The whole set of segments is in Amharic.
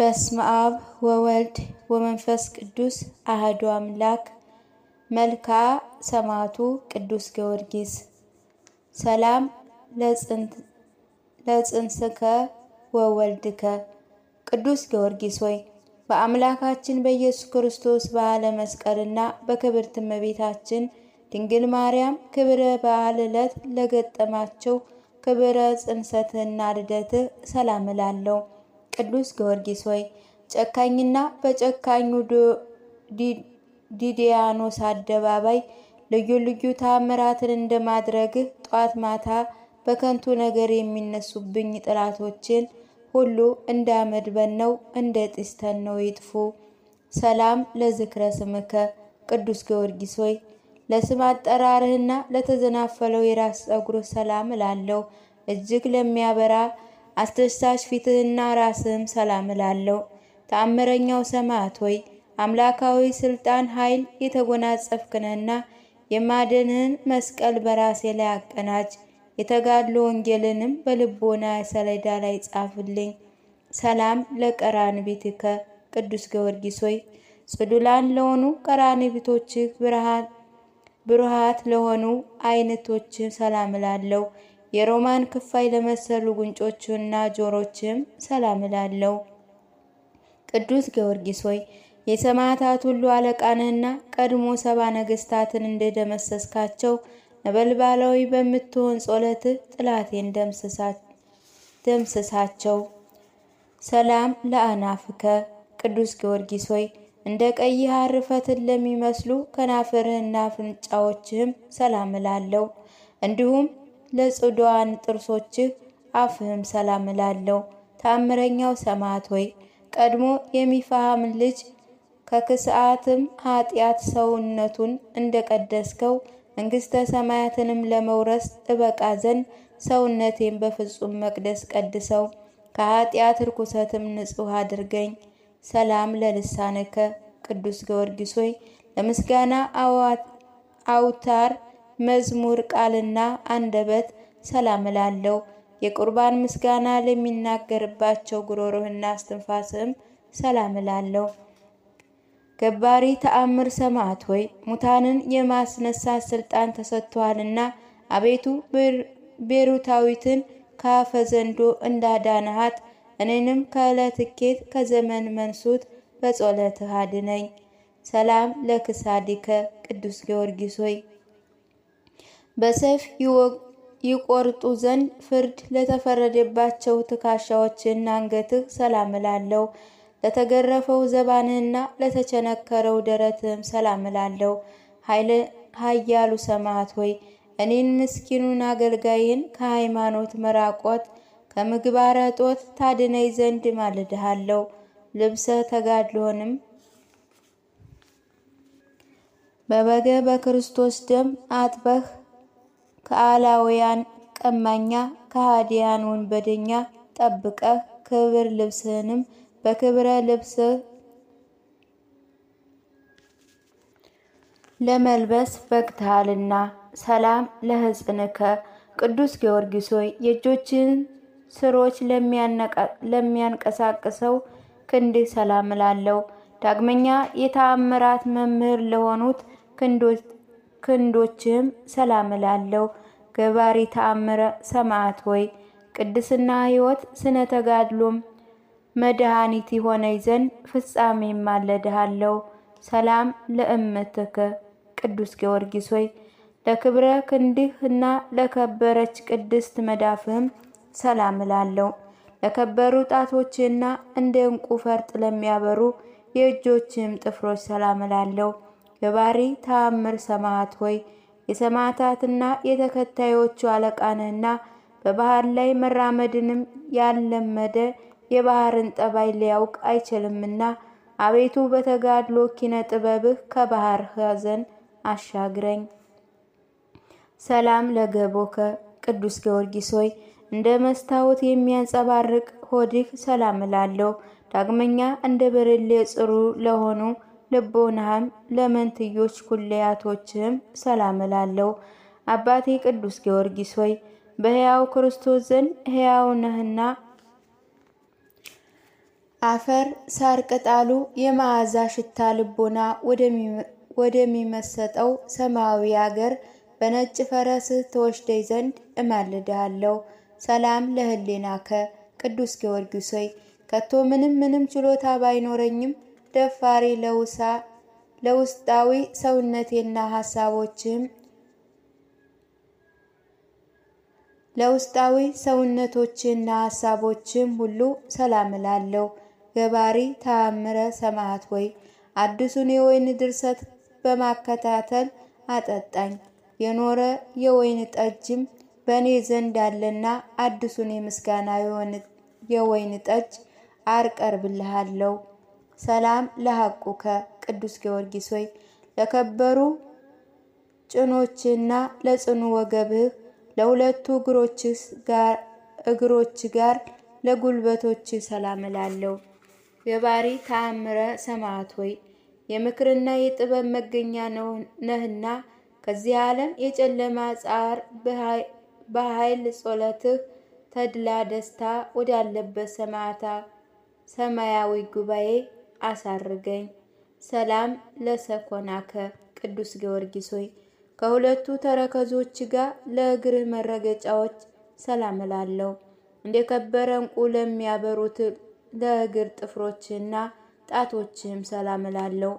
በስመ አብ ወወልድ ወመንፈስ ቅዱስ አህዱ አምላክ። መልክዓ ሰማዕቱ ቅዱስ ጊዮርጊስ ሰላም ለጽንስከ ወወልድከ። ቅዱስ ጊዮርጊስ ሆይ በአምላካችን በኢየሱስ ክርስቶስ በዓለ መስቀልና በክብርት እመቤታችን ድንግል ማርያም ክብረ በዓል ዕለት ለገጠማቸው ክብረ ጽንሰትህና ልደትህ ሰላም እላለሁ። ቅዱስ ጊዮርጊስ ሆይ ጨካኝና በጨካኙ ዲዲያኖስ አደባባይ ልዩ ልዩ ታምራትን እንደማድረግህ ጧት ማታ በከንቱ ነገር የሚነሱብኝ ጥላቶችን ሁሉ እንዳመድበን ነው እንደ ጢስተን ነው ይጥፉ። ሰላም ለዝክረ ስምከ ቅዱስ ጊዮርጊስ ሆይ ለስም አጠራርህና ለተዘናፈለው የራስ ጸጉር ሰላም እላለሁ። እጅግ ለሚያበራ አስደሳች ፊትህና ራስህም ሰላም እላለሁ። ተአምረኛው ሰማዕት ሆይ አምላካዊ ስልጣን ኃይል የተጎናጸፍክንህና የማደንህን መስቀል በራሴ ላይ አቀናጅ። የተጋድሎ ወንጌልንም በልቦና ሰሌዳ ላይ ጻፍልኝ። ሰላም ለቀራን ቅዱስ ጊዮርጊስ ሆይ ጽዱላን ለሆኑ ቀራን ቤቶችህ ብሩሃት ለሆኑ አይነቶችህ ሰላም እላለሁ። የሮማን ክፋይ ለመሰሉ ጉንጮችና ጆሮችም ሰላም እላለሁ። ቅዱስ ጊዮርጊስ ሆይ የሰማዕታት ሁሉ አለቃንህና ቀድሞ ሰባ ነገስታትን እንደደመሰስካቸው ነበልባላዊ በምትሆን ጸሎትህ ጥላቴን ደምስሳቸው። ሰላም ለአናፍከ ቅዱስ ጊዮርጊስ ሆይ እንደ ቀይ ሐር ፈትል ለሚመስሉ ከናፍርህና ፍንጫዎችህም ሰላም እላለሁ። እንዲሁም ለጽዶዋን ጥርሶችህ አፍህም ሰላም እላለሁ። ታምረኛው ሰማዕት ሆይ ቀድሞ የሚፈሃም ልጅ ከክስአትም ኃጢአት ሰውነቱን እንደቀደስከው መንግስተ ሰማያትንም ለመውረስ እበቃ ዘንድ ሰውነቴን በፍጹም መቅደስ ቀድሰው ከኃጢአት ርኩሰትም ንጹሕ አድርገኝ። ሰላም ለልሳነከ ቅዱስ ጊዮርጊስ ሆይ ለምስጋና አውታር መዝሙር ቃልና አንደበት ሰላም እላለሁ። የቁርባን ምስጋና ለሚናገርባቸው ጉሮሮህና አስትንፋስህም ሰላም እላለሁ። ገባሪ ተአምር ሰማዕት ሆይ ሙታንን የማስነሳት ስልጣን ተሰጥቷልና አቤቱ ቤሩታዊትን ከአፈ ዘንዶ እንዳዳንሃት እኔንም ከዕለትኬት ከዘመን መንሱት በጸሎትህ አድነኝ። ሰላም ለክሳዲከ ቅዱስ ጊዮርጊስ ሆይ በሰይፍ ይቆርጡ ዘንድ ፍርድ ለተፈረደባቸው እና አንገትህ ሰላም እላለሁ። ለተገረፈው ዘባንህና ለተቸነከረው ደረትህም ሰላም እላለሁ። ኃያሉ ሰማዕት ሆይ እኔን ምስኪኑን አገልጋይን ከሃይማኖት መራቆት ከምግባረ ጦት ታድነይ ዘንድ ማልድሃለሁ። ልብሰ ተጋድሎንም በበገ በክርስቶስ ደም አጥበህ ከአላውያን ቀማኛ ከሃዲያን ወንበደኛ ጠብቀህ ክብር ልብስህንም በክብረ ልብስህ ለመልበስ በግታልና ሰላም ለሕፅንከ ቅዱስ ጊዮርጊስ ሆይ ስሮች ለሚያንቀሳቅሰው ክንድህ ሰላም እላለሁ። ዳግመኛ የተአምራት መምህር ለሆኑት ክንዶች ክንዶችም ሰላም እላለሁ። ገባሪ ተአምረ ሰማዕት ሆይ ቅድስና ሕይወት ስነ ተጋድሎም መድኃኒት የሆነኝ ዘንድ ፍጻሜ ማለድሃለሁ። ሰላም ለእምትከ ቅዱስ ጊዮርጊስ ሆይ ለክብረ ክንድህ እና ለከበረች ቅድስት መዳፍህም ሰላም እላለሁ። ለከበሩ ጣቶችና እንደ ዕንቁ ፈርጥ ለሚያበሩ የእጆችም ጥፍሮች ሰላም እላለሁ። የባሪ ተአምር ሰማዕት ሆይ የሰማዕታትና የተከታዮቹ አለቃ ነህና በባህር ላይ መራመድንም ያለመደ የባህርን ጠባይ ሊያውቅ አይችልምና አቤቱ በተጋድሎ ኪነ ጥበብህ ከባህር ሐዘን አሻግረኝ። ሰላም ለገቦከ ቅዱስ ጊዮርጊስ ሆይ እንደ መስታወት የሚያንጸባርቅ ሆድህ ሰላም እላለሁ። ዳግመኛ እንደ ብርሌ ጽሩ ለሆኑ ልቦናም ለመንትዮች ኩለያቶችም ሰላም እላለሁ። አባቴ ቅዱስ ጊዮርጊስ ሆይ በሕያው ክርስቶስ ዘንድ ሕያው ነህና አፈር ሳር ቅጣሉ የመዓዛ ሽታ ልቦና ወደሚመሰጠው ሰማያዊ አገር በነጭ ፈረስህ ተወሽደይ ዘንድ እማልድሃለሁ። ሰላም ለህሌናከ ቅዱስ ጊዮርጊስ ሆይ ከቶ ምንም ምንም ችሎታ ባይኖረኝም ደፋሪ ለውሳ ለውስጣዊ ሰውነቴና ሀሳቦችም ለውስጣዊ ሰውነቶችና ሀሳቦችም ሁሉ ሰላም እላለሁ። ገባሪ ተአምረ ሰማዕት ወይ አዲሱን የወይን ድርሰት በማከታተል አጠጣኝ። የኖረ የወይን ጠጅም በእኔ ዘንድ አለና አዲሱን የምስጋና የወይን ጠጅ አርቀርብልሃለሁ። ሰላም ለሐቁከ ቅዱስ ጊዮርጊስ ሆይ ለከበሩ ጭኖችና ለጽኑ ወገብህ ለሁለቱ እግሮች ጋር ለጉልበቶች ሰላም እላለሁ። የባሪ ተአምረ ሰማዕት ሆይ የምክርና የጥበብ መገኛ ነህና ከዚህ ዓለም የጨለማ ጻር በኃይል ጸሎትህ ተድላ ደስታ ወዳለበት ሰማዕታ ሰማያዊ ጉባኤ አሳርገኝ። ሰላም ለሰኮናከ ቅዱስ ጊዮርጊስ ሆይ ከሁለቱ ተረከዞች ጋር ለእግርህ መረገጫዎች ሰላም እላለሁ። እንደ ከበረ እንቁ ለሚያበሩት ለእግር ጥፍሮችና ጣቶችህም ሰላም እላለሁ።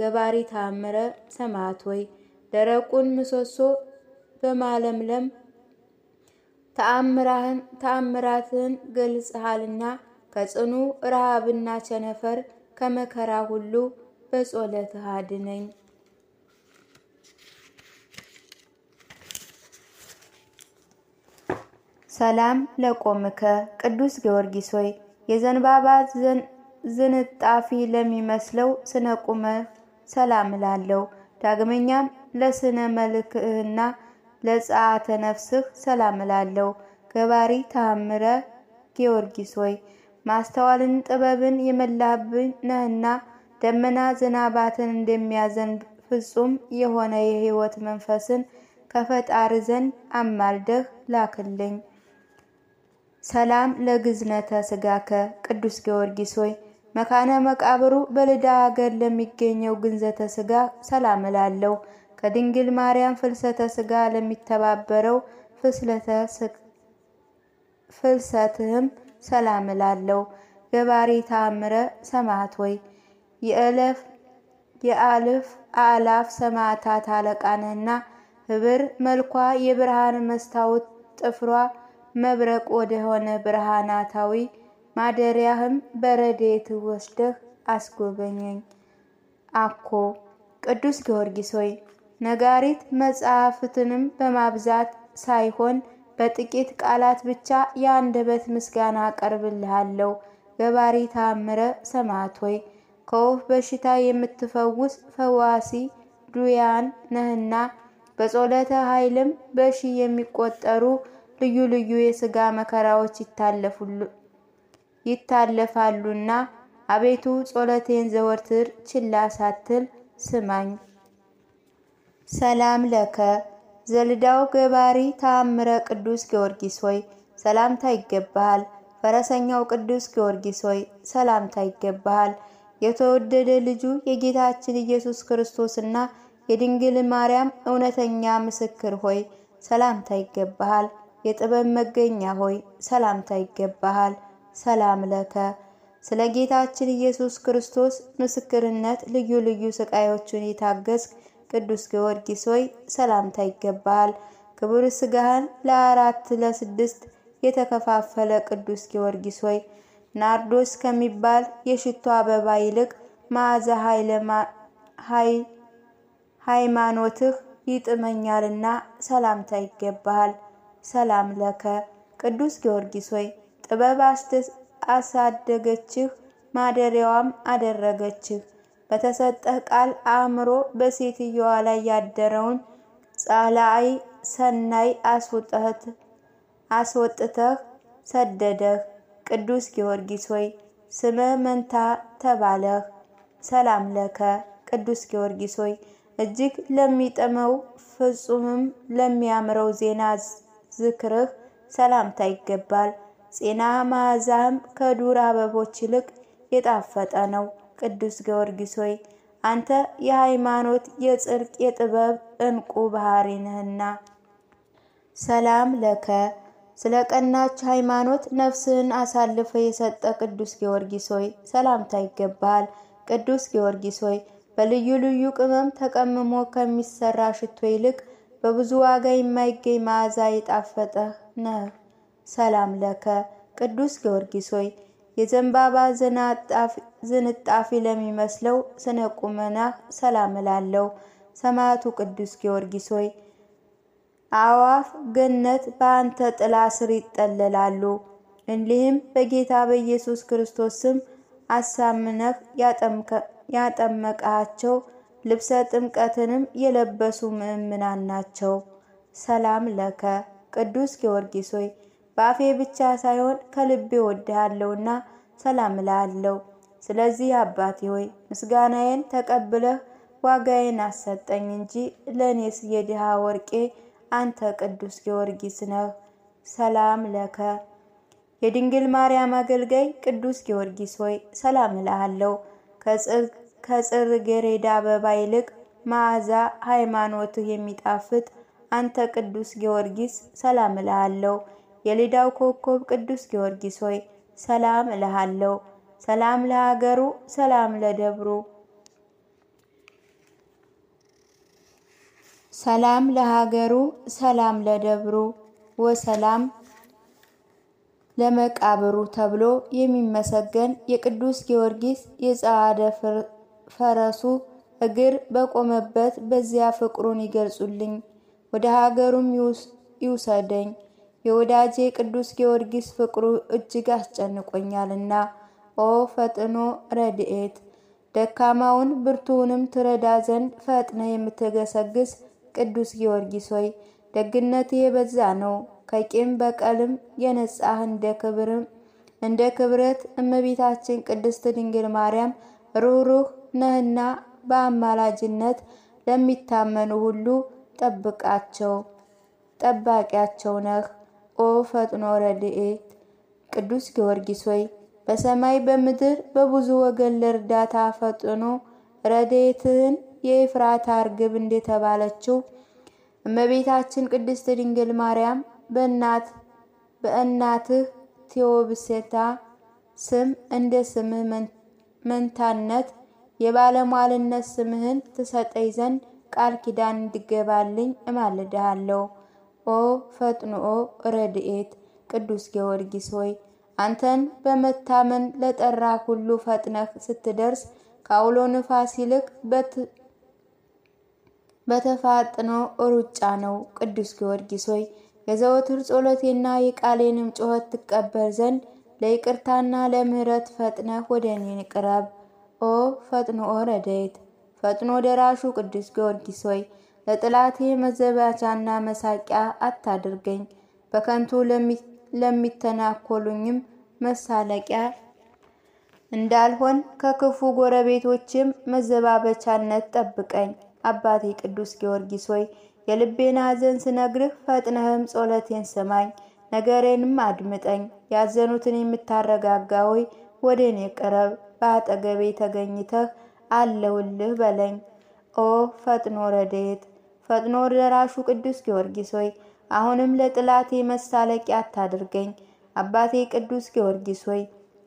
ገባሪ ታምረ ሰማዕት ሆይ ደረቁን ምሰሶ በማለምለም ተአምራትህን ገልጸሃልና ከጽኑ ረሃብና ቸነፈር ከመከራ ሁሉ በጸሎትህ አድነኝ። ሰላም ለቆምከ ቅዱስ ጊዮርጊስ ሆይ የዘንባባ ዝንጣፊ ለሚመስለው ስነ ቁመ ሰላም እላለሁ። ዳግመኛም ለስነ መልክህና ለጸአተ ነፍስህ ሰላም እላለሁ። ገባሪ ተአምረ ጊዮርጊስ ሆይ ማስተዋልን ጥበብን የመላህብን ነህና ደመና ዝናባትን እንደሚያዘንብ ፍጹም የሆነ የህይወት መንፈስን ከፈጣሪ ዘንድ አማልደህ ላክልኝ። ሰላም ለግዝነተ ስጋከ ቅዱስ ጊዮርጊስ ሆይ መካነ መቃብሩ በልዳ ሀገር ለሚገኘው ግንዘተ ስጋ ሰላም እላለሁ። ከድንግል ማርያም ፍልሰተ ስጋ ለሚተባበረው ፍልሰትህም ሰላም እላለሁ። ገባሪ ታምረ ሰማዕት ወይ የእለፍ የአልፍ አላፍ ሰማዕታት አለቃንህና ህብር መልኳ የብርሃን መስታወት ጥፍሯ መብረቅ ወደሆነ ብርሃናታዊ ማደሪያህም በረዴት ወስደህ አስጎበኘኝ። አኮ ቅዱስ ጊዮርጊስ ሆይ ነጋሪት መጽሐፍትንም በማብዛት ሳይሆን በጥቂት ቃላት ብቻ የአንደበት ምስጋና አቀርብልሃለሁ። ገባሪ ታምረ ሰማዕት ሆይ ከወፍ በሽታ የምትፈውስ ፈዋሲ ዱያን ነህና በጾለተ ኃይልም በሺ የሚቆጠሩ ልዩ ልዩ የስጋ መከራዎች ይታለፋሉና አቤቱ ጾለቴን ዘወትር ችላ ሳትል ስማኝ። ሰላም ለከ ዘልዳው ገባሪ ተአምረ ቅዱስ ጊዮርጊስ ሆይ ሰላምታ ይገባሃል። ፈረሰኛው ቅዱስ ጊዮርጊስ ሆይ ሰላምታ ይገባሃል። የተወደደ ልጁ የጌታችን ኢየሱስ ክርስቶስና የድንግል ማርያም እውነተኛ ምስክር ሆይ ሰላምታ ይገባሃል። የጥበብ መገኛ ሆይ ሰላምታ ይገባሃል። ሰላም ለከ ስለ ጌታችን ኢየሱስ ክርስቶስ ምስክርነት ልዩ ልዩ ስቃዮችን የታገስክ ቅዱስ ጊዮርጊስ ሆይ ሰላምታ ይገባል። ክቡር ስጋህን ለአራት ለስድስት የተከፋፈለ ቅዱስ ጊዮርጊስ ሆይ ናርዶስ ከሚባል የሽቶ አበባ ይልቅ መዓዛ ሃይማኖትህ ይጥመኛልና ሰላምታ ይገባሃል። ሰላም ለከ ቅዱስ ጊዮርጊስ ሆይ ጥበብ አሳደገችህ፣ ማደሪያዋም አደረገችህ። በተሰጠህ ቃል አእምሮ በሴትየዋ ላይ ያደረውን ጸላይ ሰናይ አስወጥተህ ሰደደህ። ቅዱስ ጊዮርጊስ ሆይ ስመ መንታ ተባለህ። ሰላም ለከ ቅዱስ ጊዮርጊስ ሆይ እጅግ ለሚጠመው ፍጹምም ለሚያምረው ዜና ዝክርህ ሰላምታ ይገባል። ጽና መዓዛህም ከዱር አበቦች ይልቅ የጣፈጠ ነው። ቅዱስ ጊዮርጊስ ሆይ አንተ የሃይማኖት የጽድቅ የጥበብ እንቁ ባህሪ ነህና ሰላም ለከ ስለ ቀናች ሃይማኖት ነፍስህን አሳልፈ የሰጠ ቅዱስ ጊዮርጊስ ሆይ ሰላምታ ይገባሃል። ቅዱስ ጊዮርጊስ ሆይ በልዩ ልዩ ቅመም ተቀምሞ ከሚሰራ ሽቶ ይልቅ በብዙ ዋጋ የማይገኝ መዓዛ የጣፈጠ ነህ። ሰላም ለከ ቅዱስ ጊዮርጊስ ሆይ የዘንባባ ዘናጣፍ ዝንጣፊ ለሚመስለው ስነ ቁመናህ ሰላም እላለሁ። ሰማዕቱ ቅዱስ ጊዮርጊስ ሆይ አእዋፍ ገነት በአንተ ጥላ ስር ይጠለላሉ። እንዲህም በጌታ በኢየሱስ ክርስቶስ ስም አሳምነህ ያጠመቃቸው ልብሰ ጥምቀትንም የለበሱ ምእምናን ናቸው። ሰላም ለከ ቅዱስ ጊዮርጊስ ሆይ በአፌ ብቻ ሳይሆን ከልቤ ወድሃለሁና ሰላም እላለሁ። ስለዚህ አባቴ ሆይ ምስጋናዬን ተቀብለህ ዋጋዬን አሰጠኝ እንጂ ለእኔስ የድሃ ወርቄ አንተ ቅዱስ ጊዮርጊስ ነህ። ሰላም ለከ የድንግል ማርያም አገልጋይ ቅዱስ ጊዮርጊስ ሆይ ሰላም እልሃለሁ። ከጽር ገሬዳ አበባ ይልቅ መዓዛ ሃይማኖትህ የሚጣፍጥ አንተ ቅዱስ ጊዮርጊስ ሰላም እልሃለሁ። የሌዳው ኮከብ ቅዱስ ጊዮርጊስ ሆይ ሰላም እልሃለሁ። ሰላም ለሀገሩ ሰላም ለደብሩ ሰላም ለሀገሩ ሰላም ለደብሩ ወሰላም ለመቃብሩ ተብሎ የሚመሰገን የቅዱስ ጊዮርጊስ የጸዓደ ፈረሱ እግር በቆመበት በዚያ ፍቅሩን ይገልጹልኝ፣ ወደ ሀገሩም ይውሰደኝ። የወዳጄ ቅዱስ ጊዮርጊስ ፍቅሩ እጅግ አስጨንቆኛልና ኦ ፈጥኖ ረድኤት ደካማውን ብርቱውንም ትረዳ ዘንድ ፈጥነ የምትገሰግስ ቅዱስ ጊዮርጊስ ሆይ ደግነት የበዛ ነው፣ ከቂም በቀልም የነጻህ እንደ ክብርም እንደ ክብረት እመቤታችን ቅድስት ድንግል ማርያም ሩህሩህ ነህና በአማላጅነት ለሚታመኑ ሁሉ ጠብቃቸው ጠባቂያቸው ነህ። ኦ ፈጥኖ ረድኤት ቅዱስ ጊዮርጊስ ሆይ በሰማይ በምድር በብዙ ወገን ለእርዳታ ፈጥኖ ረድኤትን የኤፍራታ እርግብ እንደተባለችው እመቤታችን ቅድስት ድንግል ማርያም በእናት በእናትህ ቴዎብሴታ ስም እንደ ስምህ መንታነት የባለሟልነት ስምህን ትሰጠኝ ዘንድ ቃል ኪዳን እንድገባልኝ እማልድሃለሁ። ኦ ፈጥንኦ ረድኤት ቅዱስ ጊዮርጊስ ሆይ አንተን በመታመን ለጠራ ሁሉ ፈጥነህ ስትደርስ ከአውሎ ንፋስ ይልቅ በተፋጥኖ ሩጫ ነው። ቅዱስ ጊዮርጊስ ሆይ የዘወትር ጸሎቴና የቃሌንም ጩኸት ትቀበል ዘንድ ለይቅርታና ለምሕረት ፈጥነህ ወደ እኔ ቅረብ። ኦ ፈጥኖ ረድኤት ፈጥኖ ደራሹ ቅዱስ ጊዮርጊስ ሆይ ለጥላቴ መዘባቻና መሳቂያ አታድርገኝ። በከንቱ ለሚተናኮሉኝም መሳለቂያ እንዳልሆን ከክፉ ጎረቤቶችም መዘባበቻነት ጠብቀኝ። አባቴ ቅዱስ ጊዮርጊስ ሆይ የልቤን ሐዘን ስነግርህ ፈጥነህም ጸሎቴን ስማኝ፣ ነገሬንም አድምጠኝ። ያዘኑትን የምታረጋጋ ሆይ ወደ እኔ ቅረብ፣ በአጠገቤ ተገኝተህ አለውልህ በለኝ። ኦ ፈጥኖ ረዴት ፈጥኖ ደራሹ ቅዱስ ጊዮርጊስ ሆይ አሁንም ለጥላቴ መሳለቂያ አታድርገኝ። አባቴ ቅዱስ ጊዮርጊስ ሆይ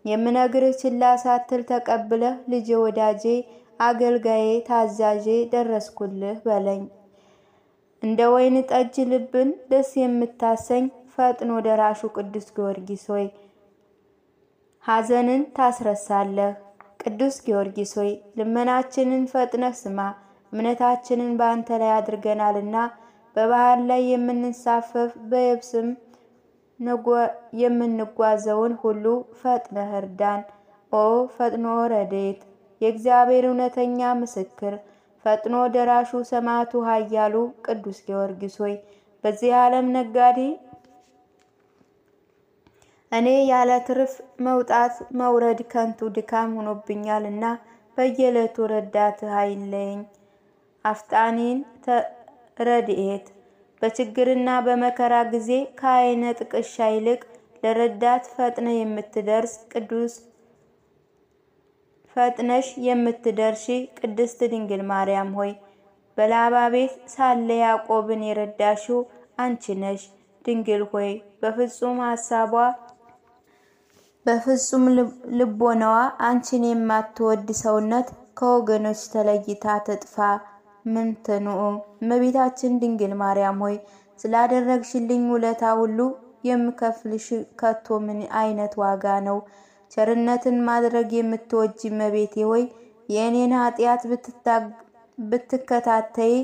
የምነግርህ ችላ ሳትል ተቀብለህ ልጄ፣ ወዳጄ፣ አገልጋዬ፣ ታዛዤ ደረስኩልህ በለኝ። እንደ ወይን ጠጅ ልብን ደስ የምታሰኝ ፈጥኖ ደራሹ ቅዱስ ጊዮርጊስ ሆይ ሐዘንን ታስረሳለህ። ቅዱስ ጊዮርጊስ ሆይ ልመናችንን ፈጥነህ ስማ፣ እምነታችንን በአንተ ላይ አድርገናልና በባህር ላይ የምንሳፈፍ በየብስም የምንጓዘውን ሁሉ ፈጥነህ እርዳን። ኦ ፈጥኖ ረዴት የእግዚአብሔር እውነተኛ ምስክር ፈጥኖ ደራሹ ሰማዕቱ ኃያሉ ቅዱስ ጊዮርጊስ ሆይ በዚህ ዓለም ነጋዴ እኔ ያለ ትርፍ መውጣት መውረድ ከንቱ ድካም ሆኖብኛልና በየዕለቱ ረዳት አይለየኝ። አፍጣኔን ረድኤት በችግርና በመከራ ጊዜ ከአይነ ጥቅሻ ይልቅ ለረዳት ፈጥነ የምትደርስ ቅዱስ ፈጥነሽ የምትደርሺ ቅድስት ድንግል ማርያም ሆይ በላባ ቤት ሳለ ያዕቆብን የረዳሽው አንቺ ነሽ። ድንግል ሆይ በፍጹም ሐሳቧ በፍጹም ልቦናዋ አንቺን የማትወድ ሰውነት ከወገኖች ተለይታ ትጥፋ። ምንተንኦ እመቤታችን ድንግል ማርያም ሆይ ስላደረግሽልኝ ውለታ ሁሉ የምከፍልሽ ከቶ ምን አይነት ዋጋ ነው? ቸርነትን ማድረግ የምትወጂ እመቤቴ ሆይ የእኔን ኃጢአት ብትከታተይ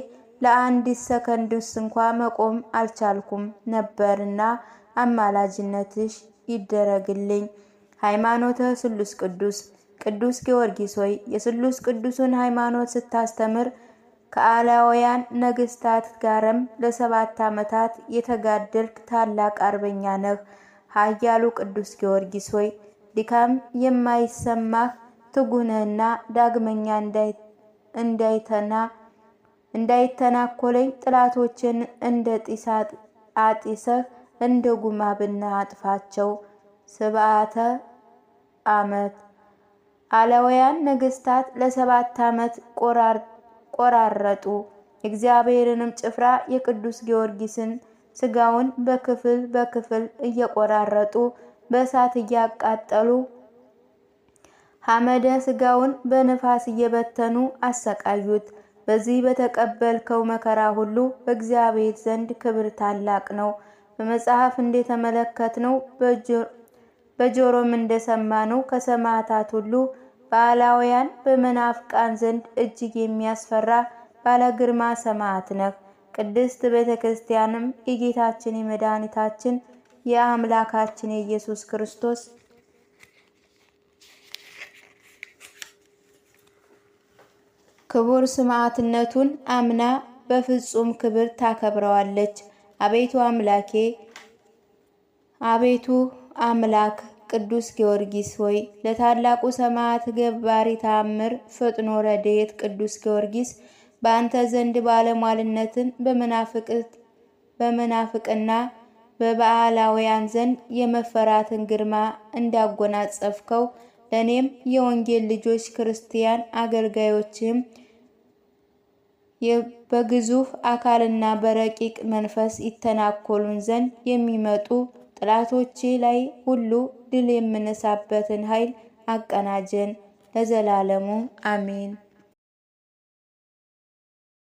ለአንዲት ሰከንድስ እንኳ መቆም አልቻልኩም ነበርና አማላጅነትሽ ይደረግልኝ። ሃይማኖተ ስሉስ ቅዱስ ቅዱስ ጊዮርጊስ ሆይ የስሉስ ቅዱስን ሃይማኖት ስታስተምር ከአላውያን ነገስታት ጋርም ለሰባት ዓመታት የተጋደልክ ታላቅ አርበኛ ነህ። ኃያሉ ቅዱስ ጊዮርጊስ ሆይ ድካም የማይሰማህ ትጉነህና ዳግመኛ እንዳይተና እንዳይተናኮለኝ ጥላቶችን እንደ ጢስ አጢሰህ እንደ ብና አጥፋቸው። ስብዓተ ዓመት አላውያን ነገስታት ለሰባት ዓመት ቆራር ቆራረጡ። እግዚአብሔርንም ጭፍራ የቅዱስ ጊዮርጊስን ስጋውን በክፍል በክፍል እየቆራረጡ በእሳት እያቃጠሉ ሐመደ ስጋውን በንፋስ እየበተኑ አሰቃዩት። በዚህ በተቀበልከው መከራ ሁሉ በእግዚአብሔር ዘንድ ክብር ታላቅ ነው። በመጽሐፍ እንደተመለከትነው በጆሮም እንደሰማነው ከሰማዕታት ሁሉ በአላውያን በመናፍቃን ዘንድ እጅግ የሚያስፈራ ባለ ግርማ ሰማዕት ነህ። ቅድስት ቤተ ክርስቲያንም የጌታችን የመድኃኒታችን የአምላካችን የኢየሱስ ክርስቶስ ክቡር ሰማዕትነቱን አምና በፍጹም ክብር ታከብረዋለች። አቤቱ አምላኬ አቤቱ አምላክ ቅዱስ ጊዮርጊስ ሆይ ለታላቁ ሰማዕት ገባሪ ታምር ፍጥኖ ረድኤት ቅዱስ ጊዮርጊስ በአንተ ዘንድ ባለሟልነትን በመናፍቅና በበዓላውያን ዘንድ የመፈራትን ግርማ እንዳጎናጸፍከው ለእኔም የወንጌል ልጆች ክርስቲያን አገልጋዮችም በግዙፍ አካልና በረቂቅ መንፈስ ይተናኮሉን ዘንድ የሚመጡ ጥላቶቼ ላይ ሁሉ ድል የምነሳበትን ኃይል አቀናጀን። ለዘላለሙ አሚን።